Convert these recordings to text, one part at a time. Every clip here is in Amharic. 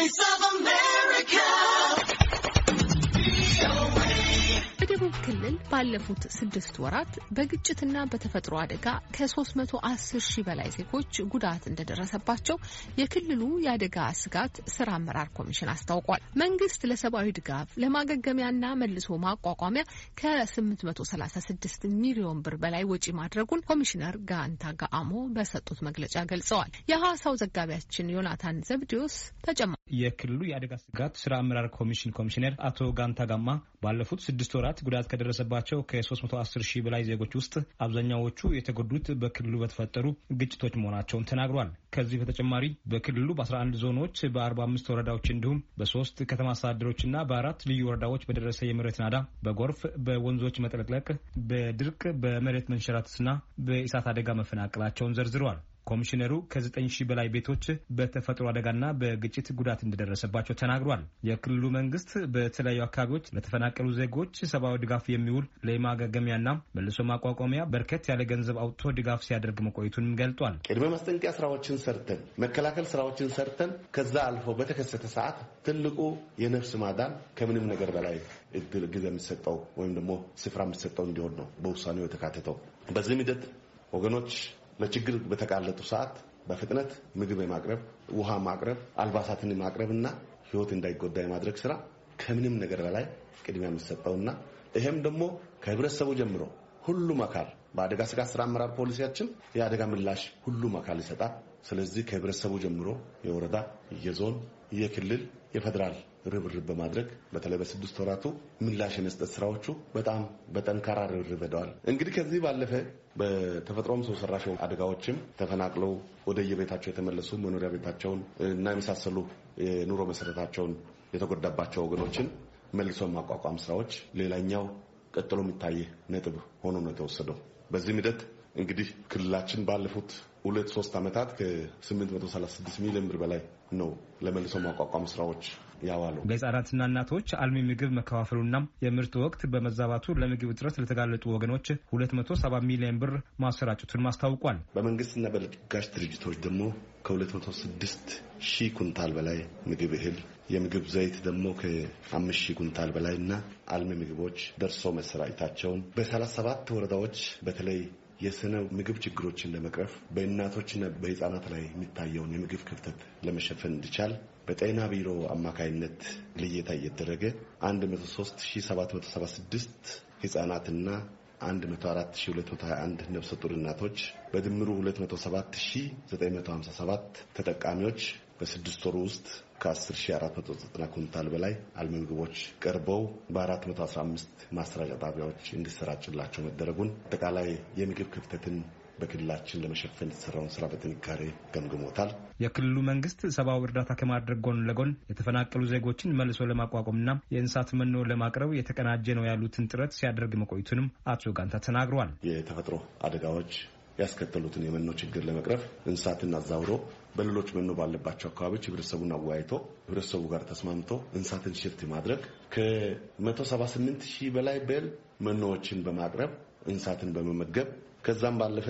Voice of ክልል ባለፉት ስድስት ወራት በግጭትና በተፈጥሮ አደጋ ከ310 ሺህ በላይ ዜጎች ጉዳት እንደደረሰባቸው የክልሉ የአደጋ ስጋት ስራ አመራር ኮሚሽን አስታውቋል። መንግስት ለሰብአዊ ድጋፍ ለማገገሚያና መልሶ ማቋቋሚያ ከ836 ሚሊዮን ብር በላይ ወጪ ማድረጉን ኮሚሽነር ጋንታ ጋአሞ በሰጡት መግለጫ ገልጸዋል። የሐዋሳው ዘጋቢያችን ዮናታን ዘብዲዮስ ተጨማ የክልሉ የአደጋ ስጋት ስራ አመራር ኮሚሽን ኮሚሽነር አቶ ጋንታ ጋማ ባለፉት ስድስት ወራት ጉዳት ከደረሰባቸው ከ310 ሺህ በላይ ዜጎች ውስጥ አብዛኛዎቹ የተጎዱት በክልሉ በተፈጠሩ ግጭቶች መሆናቸውን ተናግሯል። ከዚህ በተጨማሪ በክልሉ በ11 ዞኖች በ45 ወረዳዎች እንዲሁም በሶስት ከተማ አስተዳደሮችና በአራት ልዩ ወረዳዎች በደረሰ የመሬት ናዳ፣ በጎርፍ፣ በወንዞች መጥለቅለቅ፣ በድርቅ፣ በመሬት መንሸራተትና በእሳት አደጋ መፈናቀላቸውን ዘርዝረዋል። ኮሚሽነሩ ከዘጠኝ ሺህ በላይ ቤቶች በተፈጥሮ አደጋና በግጭት ጉዳት እንደደረሰባቸው ተናግሯል። የክልሉ መንግስት በተለያዩ አካባቢዎች ለተፈናቀሉ ዜጎች ሰብአዊ ድጋፍ የሚውል ለማገገሚያና መልሶ ማቋቋሚያ በርከት ያለ ገንዘብ አውጥቶ ድጋፍ ሲያደርግ መቆየቱንም ገልጧል። ቅድመ ማስጠንቀቂያ ስራዎችን ሰርተን መከላከል ስራዎችን ሰርተን ከዛ አልፎ በተከሰተ ሰዓት ትልቁ የነፍስ ማዳን ከምንም ነገር በላይ ጊዜ የሚሰጠው ወይም ደግሞ ስፍራ የሚሰጠው እንዲሆን ነው በውሳኔው የተካተተው። በዚህም ሂደት ወገኖች ለችግር በተጋለጡ ሰዓት በፍጥነት ምግብ የማቅረብ ውሃ ማቅረብ፣ አልባሳትን የማቅረብ እና ህይወት እንዳይጎዳ የማድረግ ስራ ከምንም ነገር በላይ ቅድሚያ የሚሰጠውና ይህም ደግሞ ከህብረተሰቡ ጀምሮ ሁሉም አካል በአደጋ ስጋት ስራ አመራር ፖሊሲያችን የአደጋ ምላሽ ሁሉም አካል ይሰጣል። ስለዚህ ከህብረተሰቡ ጀምሮ የወረዳ፣ የዞን፣ የክልል፣ የፌዴራል ርብርብ በማድረግ በተለይ በስድስት ወራቱ ምላሽ የመስጠት ስራዎቹ በጣም በጠንካራ ርብርብ ሄደዋል። እንግዲህ ከዚህ ባለፈ በተፈጥሮም ሰው ሰራሽ አደጋዎችም ተፈናቅለው ወደ የቤታቸው የተመለሱ መኖሪያ ቤታቸውን እና የመሳሰሉ የኑሮ መሰረታቸውን የተጎዳባቸው ወገኖችን መልሶ ማቋቋም ስራዎች ሌላኛው ቀጥሎ የሚታይ ነጥብ ሆኖ ነው የተወሰደው። በዚህም ሂደት እንግዲህ ክልላችን ባለፉት ሁለት ሶስት ዓመታት ከ836 ሚሊዮን ብር በላይ ነው ለመልሶ ማቋቋም ስራዎች ያዋሉ። ለህጻናትና እናቶች አልሚ ምግብ መከፋፈሉና የምርት ወቅት በመዛባቱ ለምግብ እጥረት ለተጋለጡ ወገኖች 270 ሚሊዮን ብር ማሰራጨቱን ማስታውቋል። በመንግስትና በለጋሽ ድርጅቶች ደግሞ ከ206 ሺህ ኩንታል በላይ ምግብ እህል የምግብ ዘይት ደግሞ ከአምስት ሺህ ኩንታል በላይና አልሚ ምግቦች ደርሶ መሰራጨታቸውን በሰላሳ ሰባት ወረዳዎች በተለይ የስነ ምግብ ችግሮችን ለመቅረፍ በእናቶችና በህፃናት ላይ የሚታየውን የምግብ ክፍተት ለመሸፈን እንዲቻል በጤና ቢሮ አማካይነት ልየታ እየተደረገ 103776 ህፃናትና 104221 ነፍሰ ጡር እናቶች በድምሩ 207957 ተጠቃሚዎች በስድስት ወሩ ውስጥ ከ10490 ኩንታል በላይ አልሚ ምግቦች ቀርበው በ415 ማሰራጫ ጣቢያዎች እንዲሰራጭላቸው መደረጉን አጠቃላይ የምግብ ክፍተትን በክልላችን ለመሸፈን የተሰራውን ስራ በጥንካሬ ገምግሞታል። የክልሉ መንግስት ሰብአዊ እርዳታ ከማድረግ ጎን ለጎን የተፈናቀሉ ዜጎችን መልሶ ለማቋቋምና የእንስሳት መኖ ለማቅረብ የተቀናጀ ነው ያሉትን ጥረት ሲያደርግ መቆየቱንም አቶ ጋንታ ተናግሯል። የተፈጥሮ አደጋዎች ያስከተሉትን የመኖ ችግር ለመቅረፍ እንስሳትን አዛውሮ በሌሎች መኖ ባለባቸው አካባቢዎች ህብረተሰቡን አወያይቶ ህብረተሰቡ ጋር ተስማምቶ እንስሳትን ሽፍት ማድረግ ከ178 ሺህ በላይ በል መኖዎችን በማቅረብ እንስሳትን በመመገብ ከዛም ባለፈ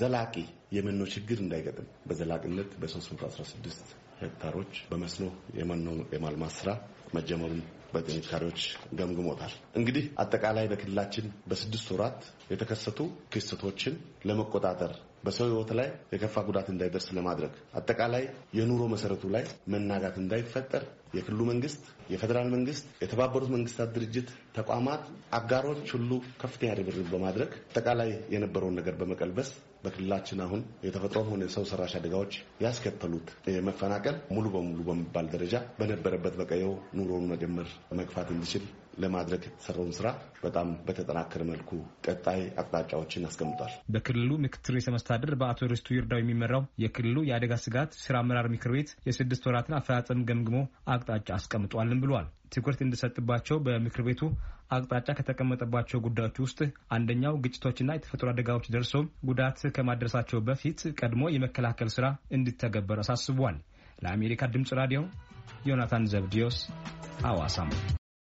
ዘላቂ የመኖ ችግር እንዳይገጥም በዘላቂነት በ316 ሄክታሮች በመስኖ የመኖ የማልማት ስራ መጀመሩን በጥንካሬዎች ገምግሞታል። እንግዲህ አጠቃላይ በክልላችን በስድስት ወራት የተከሰቱ ክስተቶችን ለመቆጣጠር በሰው ሕይወት ላይ የከፋ ጉዳት እንዳይደርስ ለማድረግ አጠቃላይ የኑሮ መሰረቱ ላይ መናጋት እንዳይፈጠር የክልሉ መንግስት፣ የፌዴራል መንግስት፣ የተባበሩት መንግስታት ድርጅት ተቋማት፣ አጋሮች ሁሉ ከፍተኛ ርብርብ በማድረግ አጠቃላይ የነበረውን ነገር በመቀልበስ በክልላችን አሁን የተፈጥሮም ሆነ የሰው ሰራሽ አደጋዎች ያስከተሉት መፈናቀል ሙሉ በሙሉ በሚባል ደረጃ በነበረበት በቀየው ኑሮውን መጀመር መግፋት እንዲችል ለማድረግ የተሰራውን ስራ በጣም በተጠናከረ መልኩ ቀጣይ አቅጣጫዎችን አስቀምጧል። በክልሉ ምክትል ርዕሰ መስተዳድር በአቶ ርስቱ ይርዳው የሚመራው የክልሉ የአደጋ ስጋት ስራ አመራር ምክር ቤት የስድስት ወራትን አፈጻጸም ገምግሞ አቅጣጫ አስቀምጧልም ብሏል። ትኩረት እንዲሰጥባቸው በምክር ቤቱ አቅጣጫ ከተቀመጠባቸው ጉዳዮች ውስጥ አንደኛው ግጭቶችና የተፈጥሮ አደጋዎች ደርሶ ጉዳት ከማድረሳቸው በፊት ቀድሞ የመከላከል ስራ እንዲተገበር አሳስቧል። ለአሜሪካ ድምጽ ራዲዮ ዮናታን ዘብዲዮስ ሐዋሳም